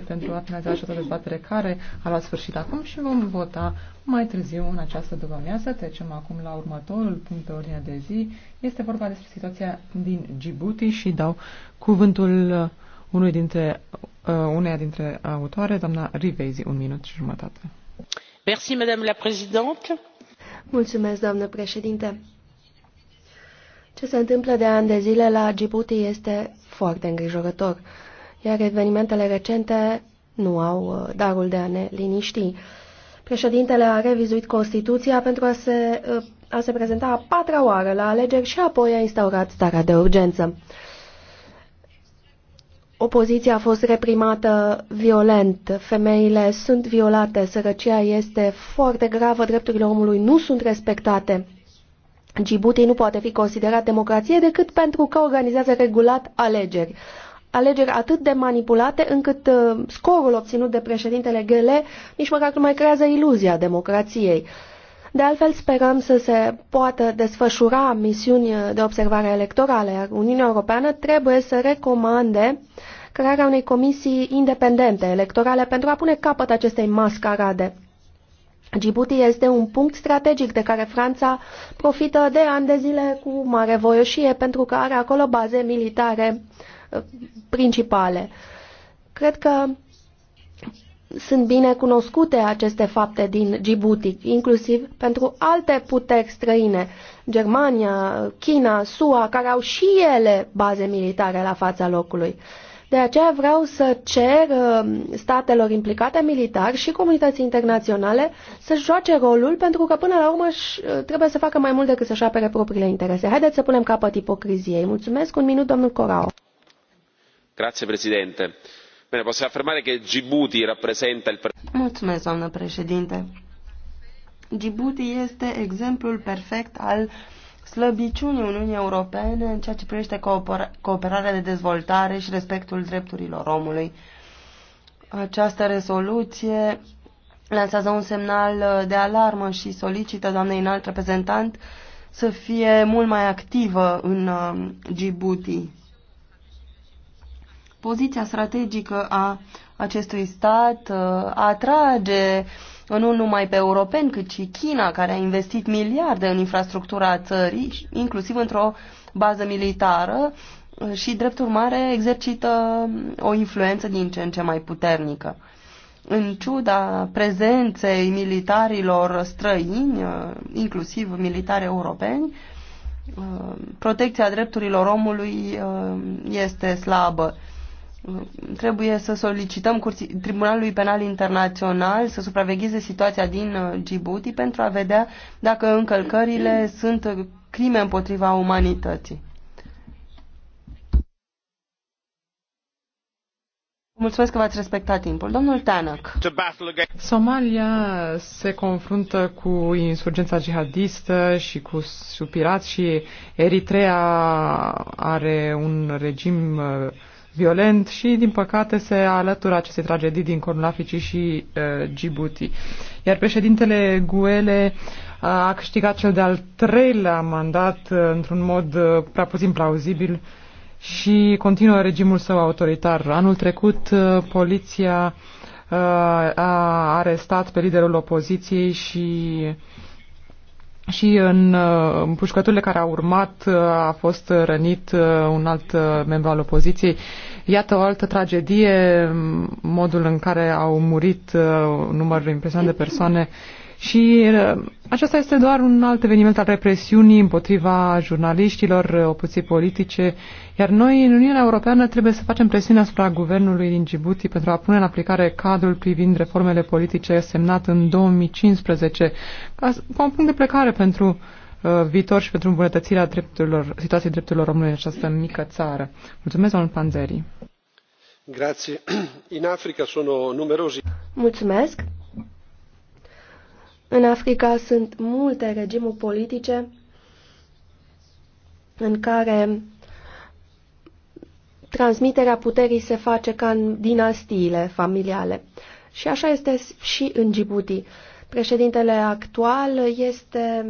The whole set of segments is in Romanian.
pentru a finaliza această dezbatere care a luat sfârșit acum și vom vota mai târziu în această după Trecem acum la următorul punct de ordine de zi. Este vorba despre situația din Djibouti și dau cuvântul uh, unui dintre, uh, uneia dintre autoare, doamna Rivezi, un minut și jumătate. Merci, Madame la Présidente. Mulțumesc, doamnă președinte. Ce se întâmplă de ani de zile la Djibouti este foarte îngrijorător iar evenimentele recente nu au uh, darul de a ne liniști. Președintele a revizuit Constituția pentru a se, uh, a se prezenta a patra oară la alegeri și apoi a instaurat starea de urgență. Opoziția a fost reprimată violent, femeile sunt violate, sărăcia este foarte gravă, drepturile omului nu sunt respectate. Djibouti nu poate fi considerat democrație decât pentru că organizează regulat alegeri alegeri atât de manipulate încât uh, scorul obținut de președintele Ghele nici măcar nu mai creează iluzia democrației. De altfel, sperăm să se poată desfășura misiuni de observare electorale, Uniunea Europeană trebuie să recomande crearea unei comisii independente electorale pentru a pune capăt acestei mascarade. Djibouti este un punct strategic de care Franța profită de ani de zile cu mare voioșie pentru că are acolo baze militare uh, principale. Cred că sunt bine cunoscute aceste fapte din Djibouti, inclusiv pentru alte puteri străine, Germania, China, SUA, care au și ele baze militare la fața locului. De aceea vreau să cer uh, statelor implicate militar și comunității internaționale să joace rolul, pentru că până la urmă uh, trebuie să facă mai mult decât să-și apere propriile interese. Haideți să punem capăt ipocriziei. Mulțumesc. Un minut, domnul Corao. Grazie, Presidente. Bine, possiamo affermare che Djibouti rappresenta il... Mulțumesc, doamnă președinte. Djibouti este exemplul perfect al slăbiciunii Uniunii Europene în ceea ce privește cooperarea de dezvoltare și respectul drepturilor omului. Această rezoluție lansează un semnal de alarmă și solicită doamnei înalt reprezentant să fie mult mai activă în uh, Djibouti. Poziția strategică a acestui stat uh, atrage uh, nu numai pe europeni, cât și China, care a investit miliarde în infrastructura țării, inclusiv într-o bază militară uh, și, drept urmare, exercită um, o influență din ce în ce mai puternică. În ciuda prezenței militarilor străini, inclusiv militari europeni, protecția drepturilor omului este slabă trebuie să solicităm Curții, Tribunalului Penal Internațional să supravegheze situația din uh, Djibouti pentru a vedea dacă încălcările sunt crime împotriva umanității. Mulțumesc că v-ați respectat timpul. Domnul Tanak. Somalia se confruntă cu insurgența jihadistă și cu supirați și Eritrea are un regim uh, violent și, din păcate, se alătură acestei tragedii din Cornul Africii și uh, Djibouti. Iar președintele Guele uh, a câștigat cel de-al treilea mandat uh, într-un mod uh, prea puțin plauzibil și continuă regimul său autoritar. Anul trecut, uh, poliția uh, a arestat pe liderul opoziției și uh, și uh, în pușcăturile care au urmat uh, a fost rănit uh, un alt membru al opoziției. Iată o altă tragedie, modul în care au murit un număr impresionant de persoane și uh, acesta este doar un alt eveniment al represiunii împotriva jurnaliștilor, uh, opuții politice, iar noi în Uniunea Europeană trebuie să facem presiune asupra guvernului din Djibouti pentru a pune în aplicare cadrul privind reformele politice semnat în 2015 ca, ca un punct de plecare pentru uh, viitor și pentru îmbunătățirea drepturilor, situației drepturilor omului în această mică țară. Mulțumesc, domnul Panzeri. Grazie. In Africa sono numerosi. Mulțumesc. În Africa sunt multe regimuri politice în care transmiterea puterii se face ca în dinastiile familiale. Și așa este și în Djibouti. Președintele actual este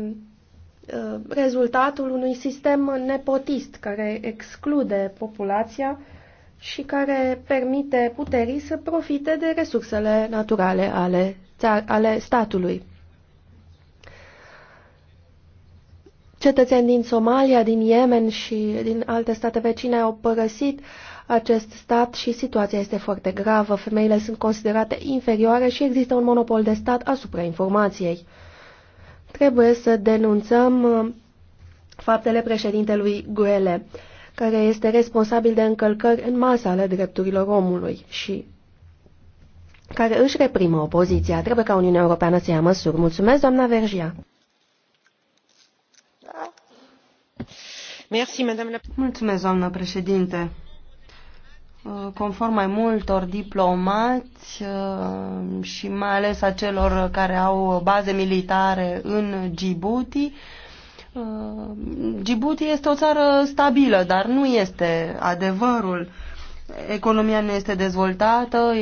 uh, rezultatul unui sistem nepotist care exclude populația și care permite puterii să profite de resursele naturale ale, ale statului. Cetățeni din Somalia, din Yemen și din alte state vecine au părăsit acest stat și situația este foarte gravă. Femeile sunt considerate inferioare și există un monopol de stat asupra informației. Trebuie să denunțăm uh, faptele președintelui Guele, care este responsabil de încălcări în masă ale drepturilor omului și care își reprimă opoziția. Trebuie ca Uniunea Europeană să ia măsuri. Mulțumesc, doamna Vergia. Mulțumesc, doamnă președinte. Uh, conform mai multor diplomați uh, și mai ales a celor care au baze militare în Djibouti, uh, Djibouti este o țară stabilă, dar nu este adevărul. Economia nu este dezvoltată,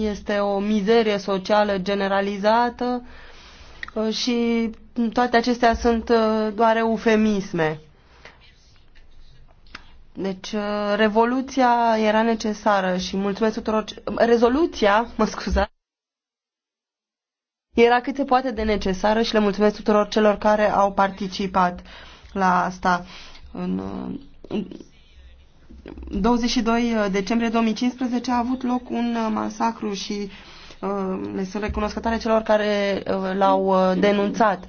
este o mizerie socială generalizată și toate acestea sunt doar eufemisme. Deci, uh, revoluția era necesară și mulțumesc tuturor... Rezoluția, mă scuzați, era cât se poate de necesară și le mulțumesc tuturor celor care au participat la asta. În 22 uh, uh, decembrie 2015 a avut loc un masacru și le sunt recunoscătoare celor care l-au denunțat.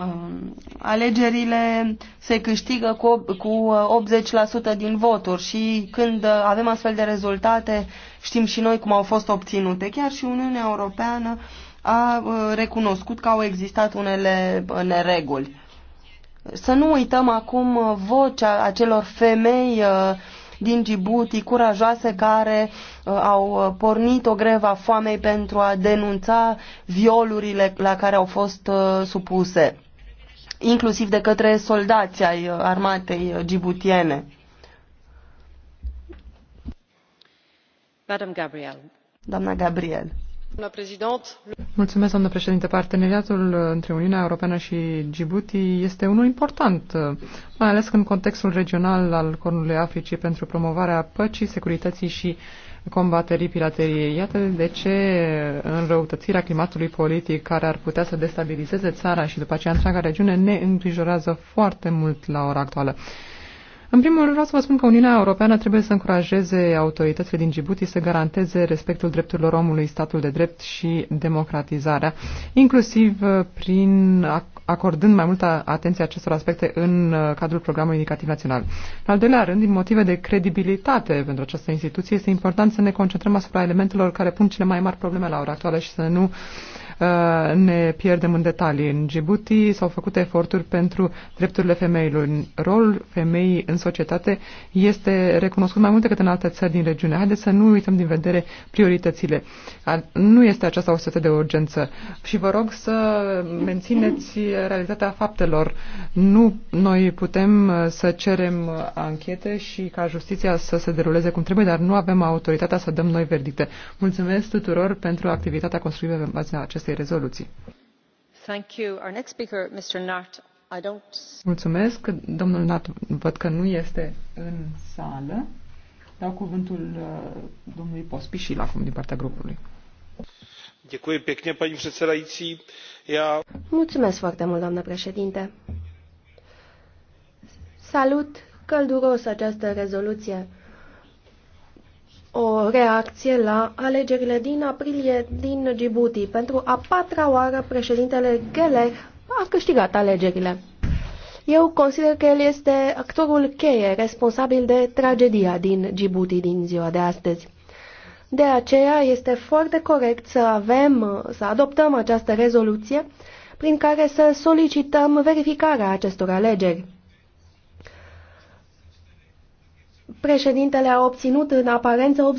Um, alegerile se câștigă cu, 80% uh, din voturi și când uh, avem astfel de rezultate știm și noi cum au fost obținute. Chiar și Uniunea Europeană a uh, recunoscut că au existat unele nereguli. Să nu uităm acum vocea acelor femei din Djibouti curajoase care au pornit o greva foamei pentru a denunța violurile la care au fost supuse inclusiv de către soldații ai uh, armatei uh, djiboutiene. Madame Gabriel. Doamna Gabriel. Mulțumesc, doamnă președinte. Parteneriatul între Uniunea Europeană și Djibouti este unul important, uh, mai ales în contextul regional al Cornului Africii pentru promovarea păcii, securității și uh, combaterii pirateriei. Iată de ce înrăutățirea climatului politic care ar putea să destabilizeze țara și după aceea întreaga regiune ne îngrijorează foarte mult la ora actuală. În primul rând vreau să vă spun că Uniunea Europeană trebuie să încurajeze autoritățile din Djibouti să garanteze respectul drepturilor omului, statul de drept și democratizarea, inclusiv uh, prin acordând mai multă atenție acestor aspecte în uh, cadrul programului indicativ național. În al doilea rând, din motive de credibilitate pentru această instituție, este important să ne concentrăm asupra elementelor care pun cele mai mari probleme la ora actuală și să nu uh, Uh, ne pierdem în detalii. În Djibouti s-au făcut eforturi pentru drepturile femeilor. Rolul femeii în societate este recunoscut mai mult decât în alte țări din regiune. Haideți să nu uităm din vedere prioritățile. Nu este aceasta o stată de urgență. Și vă rog să mențineți realitatea faptelor. Nu noi putem uh, să cerem uh, anchete și ca justiția să se deruleze cum trebuie, dar nu avem autoritatea să dăm noi verdicte. Mulțumesc tuturor pentru activitatea construită pe baza acestei acestei rezoluții. Nart. Mulțumesc. Domnul Nat, văd că nu este în sală. Dau cuvântul uh, domnului Pospișil acum din partea grupului. Mulțumesc foarte mult, doamnă președinte. Salut călduros această rezoluție o reacție la alegerile din aprilie din Djibouti. Pentru a patra oară, președintele Gele a câștigat alegerile. Eu consider că el este actorul cheie responsabil de tragedia din Djibouti din ziua de astăzi. De aceea este foarte corect să avem, să adoptăm această rezoluție prin care să solicităm verificarea acestor alegeri. Președintele a obținut în aparență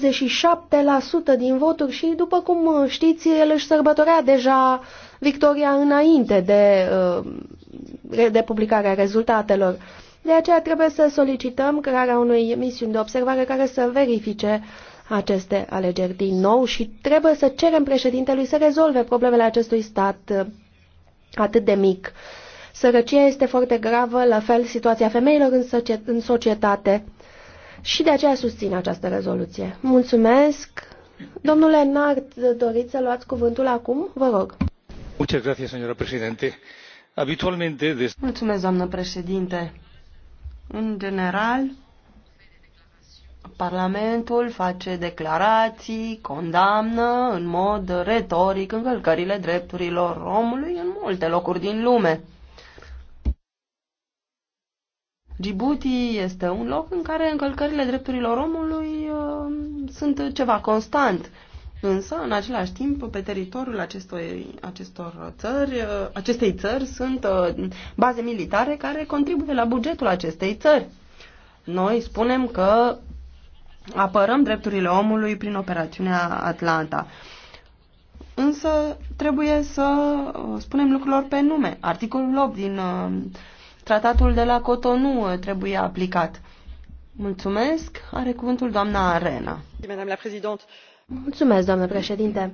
87% din voturi și, după cum știți, el își sărbătorea deja victoria înainte de, uh, de publicarea rezultatelor. De aceea trebuie să solicităm crearea unui misiuni de observare care să verifice aceste alegeri din nou și trebuie să cerem președintelui să rezolve problemele acestui stat uh, atât de mic. Sărăcia este foarte gravă, la fel situația femeilor în societate și de aceea susțin această rezoluție. Mulțumesc! Domnule Nart, doriți să luați cuvântul acum? Vă rog. Muchas gracias, señora presidente. Habitualmente... Des... Mulțumesc, doamnă președinte. În general, Parlamentul face declarații, condamnă în mod retoric încălcările drepturilor omului în multe locuri din lume. Djibouti este un loc în care încălcările drepturilor omului uh, sunt ceva constant. Însă, în același timp, pe teritoriul acestor, acestor țări, uh, acestei țări sunt uh, baze militare care contribuie la bugetul acestei țări. Noi spunem că apărăm drepturile omului prin operațiunea Atlanta. Însă trebuie să uh, spunem lucrurilor pe nume. Articolul 8 din uh, tratatul de la Cotonou uh, trebuie aplicat. Mulțumesc. Are cuvântul doamna Arena. Mulțumesc, doamnă președinte.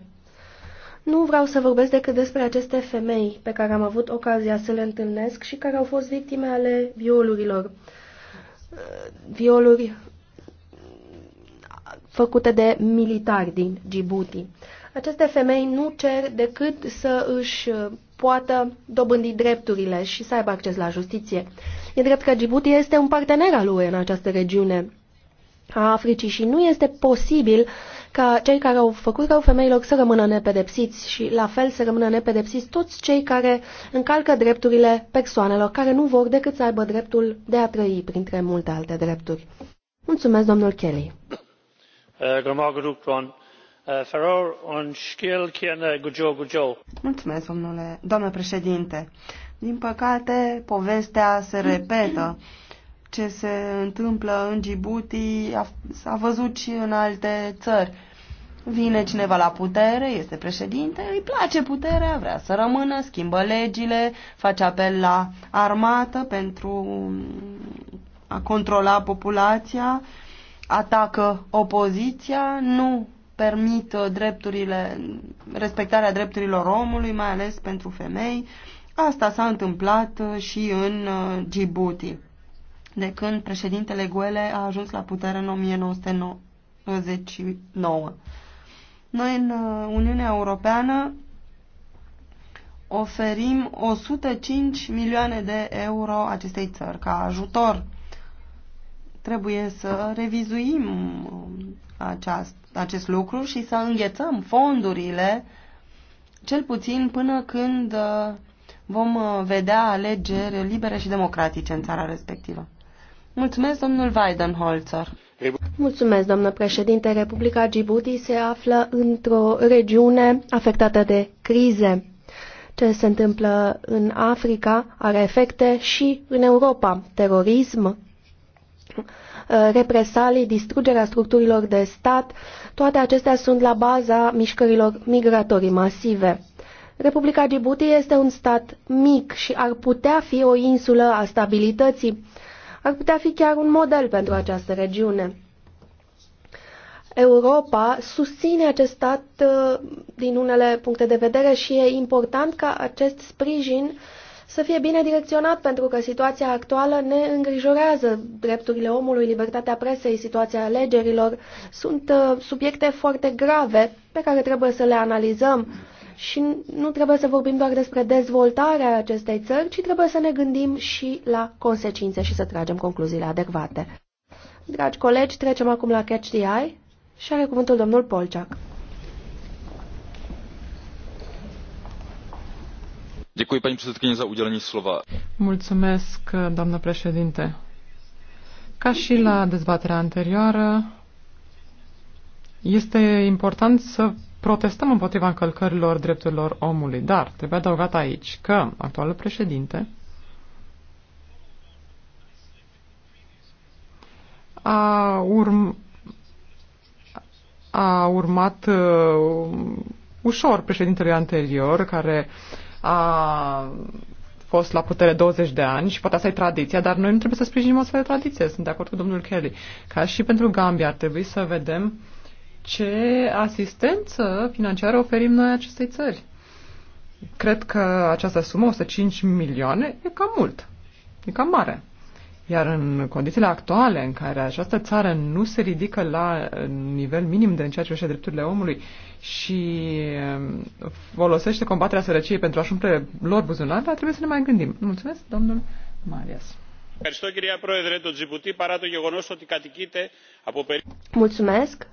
Nu vreau să vorbesc decât despre aceste femei pe care am avut ocazia să le întâlnesc și care au fost victime ale violurilor. Uh, violuri făcute de militari din Djibouti. Aceste femei nu cer decât să își uh, poată dobândi drepturile și să aibă acces la justiție. E drept că Djibouti este un partener al UE în această regiune a Africii și nu este posibil ca cei care au făcut rău femeilor să rămână nepedepsiți și la fel să rămână nepedepsiți toți cei care încalcă drepturile persoanelor care nu vor decât să aibă dreptul de a trăi printre multe alte drepturi. Mulțumesc, domnul Kelly. Eh, Uh, domnule, doamnă președinte. Din păcate, povestea se repetă. Ce se întâmplă în Djibouti s-a văzut și în alte țări. Vine cineva la putere, este președinte, îi place puterea, vrea să rămână, schimbă legile, face apel la armată pentru a controla populația, atacă opoziția, nu permit uh, drepturile, respectarea drepturilor omului, mai ales pentru femei. Asta s-a întâmplat uh, și în uh, Djibouti, de când președintele Guele a ajuns la putere în 1999. Noi în Uniunea Europeană oferim 105 milioane de euro acestei țări ca ajutor Trebuie să revizuim um, aceast, acest lucru și să înghețăm fondurile, cel puțin până când uh, vom uh, vedea alegeri libere și democratice în țara respectivă. Mulțumesc, domnul Weidenholzer. Mulțumesc, doamnă președinte. Republica Djibouti se află într-o regiune afectată de crize. Ce se întâmplă în Africa are efecte și în Europa. Terorism, Uh, represalii, distrugerea structurilor de stat, toate acestea sunt la baza mișcărilor migratorii masive. Republica Djibouti este un stat mic și ar putea fi o insulă a stabilității. Ar putea fi chiar un model pentru această regiune. Europa susține acest stat uh, din unele puncte de vedere și e important ca acest sprijin să fie bine direcționat, pentru că situația actuală ne îngrijorează. Drepturile omului, libertatea presei, situația alegerilor sunt uh, subiecte foarte grave pe care trebuie să le analizăm și nu trebuie să vorbim doar despre dezvoltarea acestei țări, ci trebuie să ne gândim și la consecințe și să tragem concluziile adecvate. Dragi colegi, trecem acum la Catch the Eye și are cuvântul domnul Polciac. paní předsedající doamnă președinte ca și la dezbaterea anterioară este important să protestăm împotriva încălcărilor drepturilor omului dar trebuie adăugat aici că actualul președinte a, urm- a urmat uh, ușor președintele anterior care uh, a fost la putere 20 de ani și poate asta e tradiția, dar noi nu trebuie să sprijinim o astfel de tradiție. Sunt de acord cu domnul Kelly. Ca și pentru Gambia ar trebui să vedem ce asistență financiară oferim noi acestei țări. Cred că această sumă, 105 milioane, e cam mult. E cam mare. Iar în condițiile actuale în care această țară nu se ridică la nivel minim de în ceea ce privește drepturile omului și um, folosește combaterea sărăciei pentru a-și umple lor buzunarele, trebuie să ne mai gândim. Mulțumesc, domnul Marias. Mulțumesc.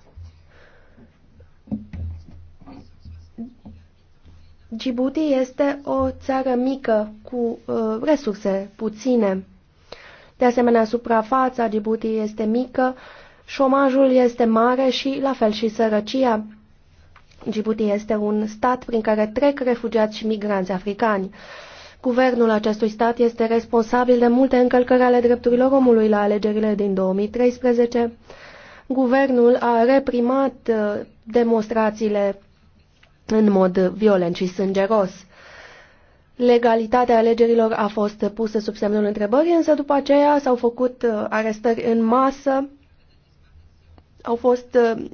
Djibouti este o țară mică cu uh, resurse puține de asemenea, suprafața Djibouti este mică, șomajul este mare și, la fel, și sărăcia. Djibouti este un stat prin care trec refugiați și migranți africani. Guvernul acestui stat este responsabil de multe încălcări ale drepturilor omului la alegerile din 2013. Guvernul a reprimat uh, demonstrațiile în mod violent și sângeros. Legalitatea alegerilor a fost pusă sub semnul întrebării, însă după aceea s-au făcut uh, arestări în masă, au fost uh,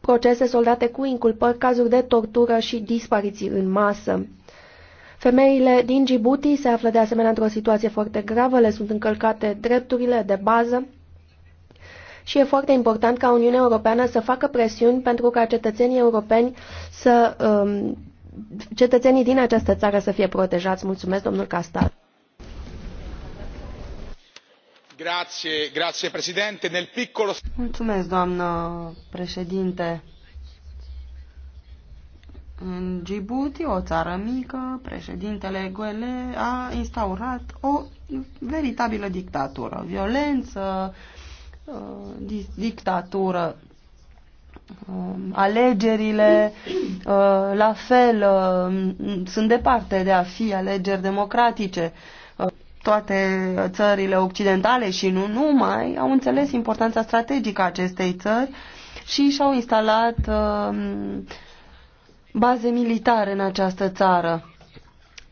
procese soldate cu inculpări, cazuri de tortură și dispariții în masă. Femeile din Djibouti se află de asemenea într-o situație foarte gravă, le sunt încălcate drepturile de bază și e foarte important ca Uniunea Europeană să facă presiuni pentru ca cetățenii europeni să um, cetățenii din această țară să fie protejați. Mulțumesc, domnul Castal. Grazie, grazie, președinte. Nel piccolo... Mulțumesc, doamnă președinte. În Djibouti, o țară mică, președintele Guele a instaurat o veritabilă dictatură. Violență, uh, dictatură Um, alegerile, uh, la fel, um, sunt departe de a fi alegeri democratice. Uh, toate țările occidentale și nu numai au înțeles importanța strategică a acestei țări și și-au instalat um, baze militare în această țară.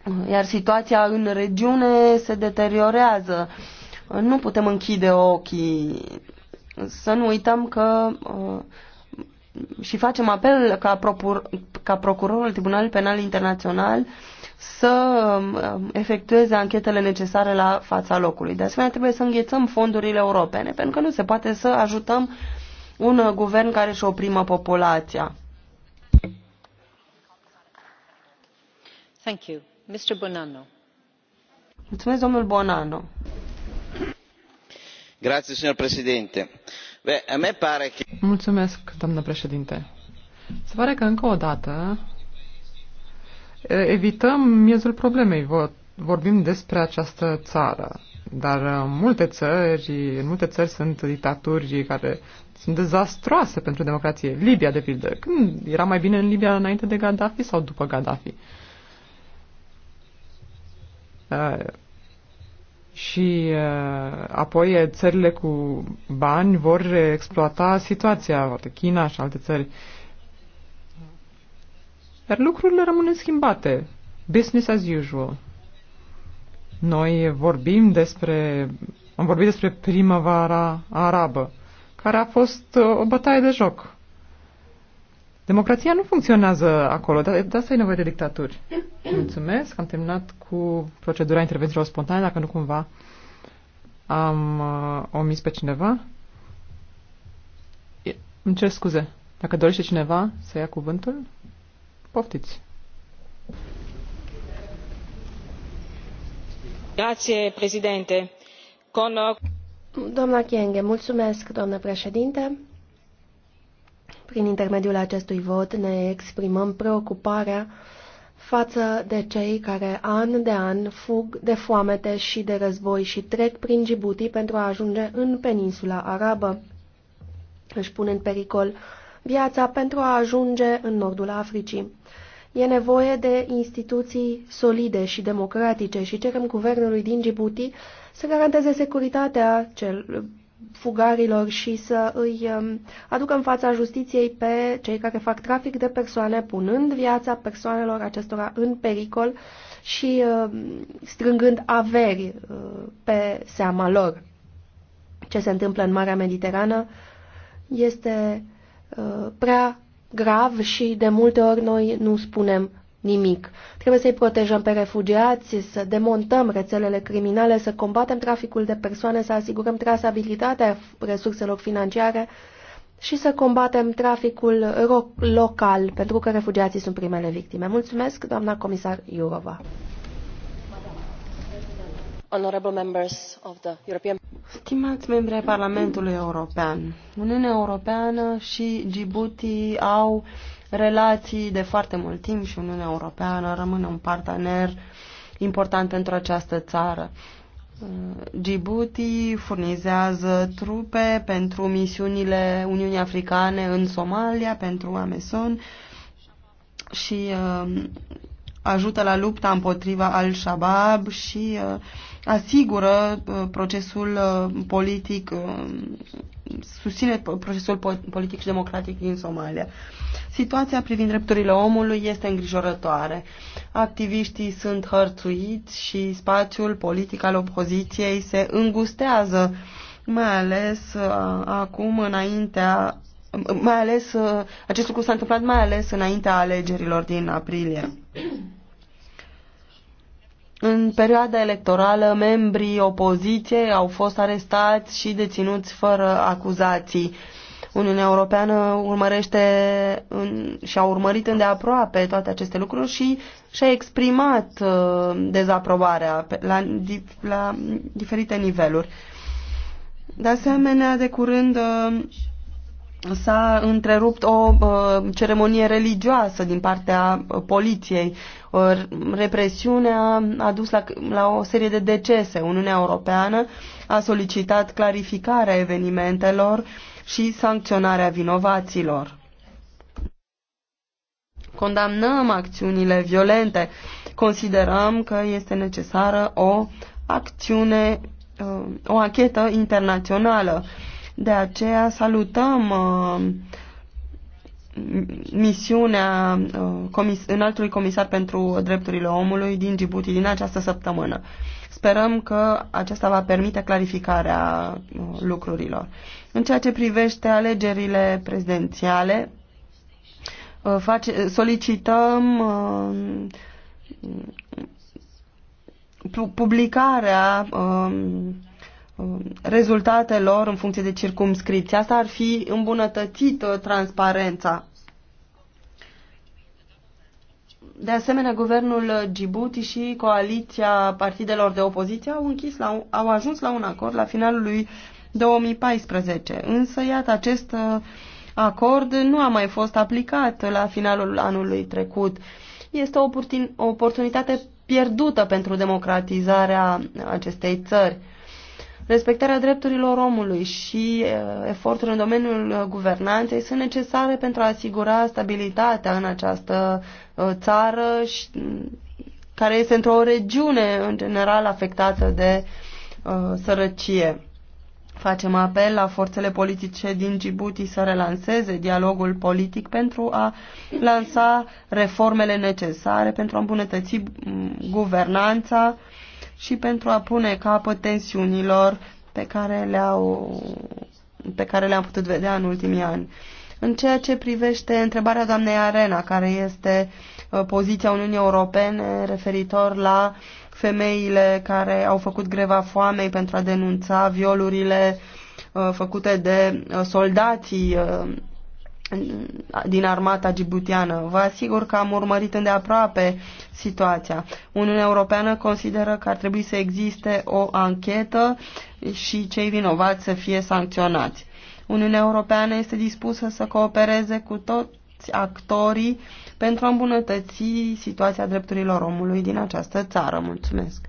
Uh, iar situația în regiune se deteriorează. Nu putem închide ochii. Să nu uităm că și facem apel ca, procur, ca procurorul Tribunalului Penal Internațional să um, efectueze anchetele necesare la fața locului. De asemenea, trebuie să înghețăm fondurile europene, pentru că nu se poate să ajutăm un uh, guvern care își oprimă populația. Thank you. Mr. Bonanno. Mulțumesc, domnul Bonanno. Grazie, signor Presidente Mulțumesc, doamnă președinte. Se pare că încă o dată evităm miezul problemei. Vorbim despre această țară, dar uh, multe țări, în multe țări sunt dictaturi care sunt dezastroase pentru democrație. Libia, de pildă. Când era mai bine în Libia înainte de Gaddafi sau după Gaddafi? Uh, și uh, apoi țările cu bani vor exploata situația, China și alte țări. Dar lucrurile rămân schimbate. Business as usual. Noi vorbim despre, am vorbit despre primăvara arabă, care a fost uh, o bătaie de joc Democrația nu funcționează acolo, dar de asta e nevoie de dictaturi. Mulțumesc, am terminat cu procedura intervențiilor spontane, dacă nu cumva am uh, omis pe cineva. E, îmi cer scuze. Dacă dorește cineva să ia cuvântul, poftiți. Grație, președinte. Con... Doamna Chienghe, mulțumesc, doamnă președinte. Prin intermediul acestui vot ne exprimăm preocuparea față de cei care an de an fug de foamete și de război și trec prin Djibouti pentru a ajunge în peninsula arabă. Își pun în pericol viața pentru a ajunge în nordul Africii. E nevoie de instituții solide și democratice și cerem guvernului din Djibouti să garanteze securitatea cel, fugarilor și să îi um, aducă în fața justiției pe cei care fac trafic de persoane, punând viața persoanelor acestora în pericol și um, strângând averi uh, pe seama lor. Ce se întâmplă în Marea Mediterană este uh, prea grav și de multe ori noi nu spunem nimic. Trebuie să-i protejăm pe refugiați, să demontăm rețelele criminale, să combatem traficul de persoane, să asigurăm trasabilitatea resurselor financiare și să combatem traficul local, pentru că refugiații sunt primele victime. Mulțumesc, doamna comisar Iurova. Stimați membri ai Parlamentului European, Uniunea Europeană și Djibouti au relații de foarte mult timp și Uniunea Europeană rămâne un partener important pentru această țară. Djibouti furnizează trupe pentru misiunile Uniunii Africane în Somalia, pentru Ameson și uh, ajută la lupta împotriva al-Shabaab și uh, asigură uh, procesul uh, politic uh, susține procesul politic și democratic din Somalia. Situația privind drepturile omului este îngrijorătoare. Activiștii sunt hărțuiți și spațiul politic al opoziției se îngustează, mai ales uh, acum înaintea mai ales uh, acest lucru s-a întâmplat mai ales înaintea alegerilor din aprilie. În perioada electorală, membrii opoziției au fost arestați și deținuți fără acuzații. Uniunea Europeană urmărește în, și a urmărit îndeaproape toate aceste lucruri și și-a exprimat uh, dezaprobarea la, la diferite niveluri. De asemenea, de curând uh, s-a întrerupt o uh, ceremonie religioasă din partea uh, poliției. Uh, represiunea a dus la, la o serie de decese. Uniunea Europeană a solicitat clarificarea evenimentelor și sancționarea vinovaților. Condamnăm acțiunile violente. Considerăm că este necesară o acțiune, uh, o achetă internațională. Uh, de aceea salutăm uh, misiunea uh, înaltului comisar pentru drepturile omului din Djibouti din această săptămână. Sperăm că acesta va permite clarificarea uh, lucrurilor. În ceea ce privește alegerile prezidențiale, face, solicităm publicarea um, Um, rezultatelor în funcție de circumscripție. Asta ar fi îmbunătățit uh, transparența. De asemenea, guvernul Djibouti și coaliția partidelor de opoziție au, închis la, au ajuns la un acord la finalul lui 2014. Însă, iată, acest uh, acord nu a mai fost aplicat la finalul anului trecut. Este o oportunitate pierdută pentru democratizarea acestei țări Respectarea drepturilor omului și uh, eforturi în domeniul uh, guvernanței sunt necesare pentru a asigura stabilitatea în această uh, țară și, mm, care este într-o regiune în general afectată de uh, sărăcie. Facem apel la forțele politice din Djibouti să relanseze dialogul politic pentru a lansa reformele necesare pentru a îmbunătăți mm, guvernanța uh, și pentru a pune capăt tensiunilor pe care le-au pe care le-am putut vedea în ultimii ani. În ceea ce privește întrebarea doamnei Arena, care este uh, poziția Uniunii Europene referitor la femeile care au făcut greva foamei pentru a denunța violurile uh, făcute de uh, soldații din armata gibutiană. Vă asigur că am urmărit îndeaproape situația. Uniunea Europeană consideră că ar trebui să existe o anchetă și cei vinovați să fie sancționați. Uniunea Europeană este dispusă să coopereze cu toți actorii pentru a îmbunătăți situația drepturilor omului din această țară. Mulțumesc!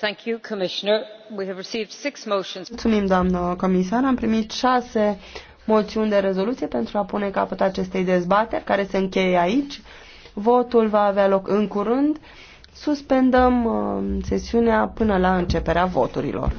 Thank you, Commissioner. We have received six motions. Mulțumim, doamnă comisar. Am primit șase moțiuni de rezoluție pentru a pune capăt acestei dezbateri care se încheie aici. Votul va avea loc în curând. Suspendăm uh, sesiunea până la începerea voturilor.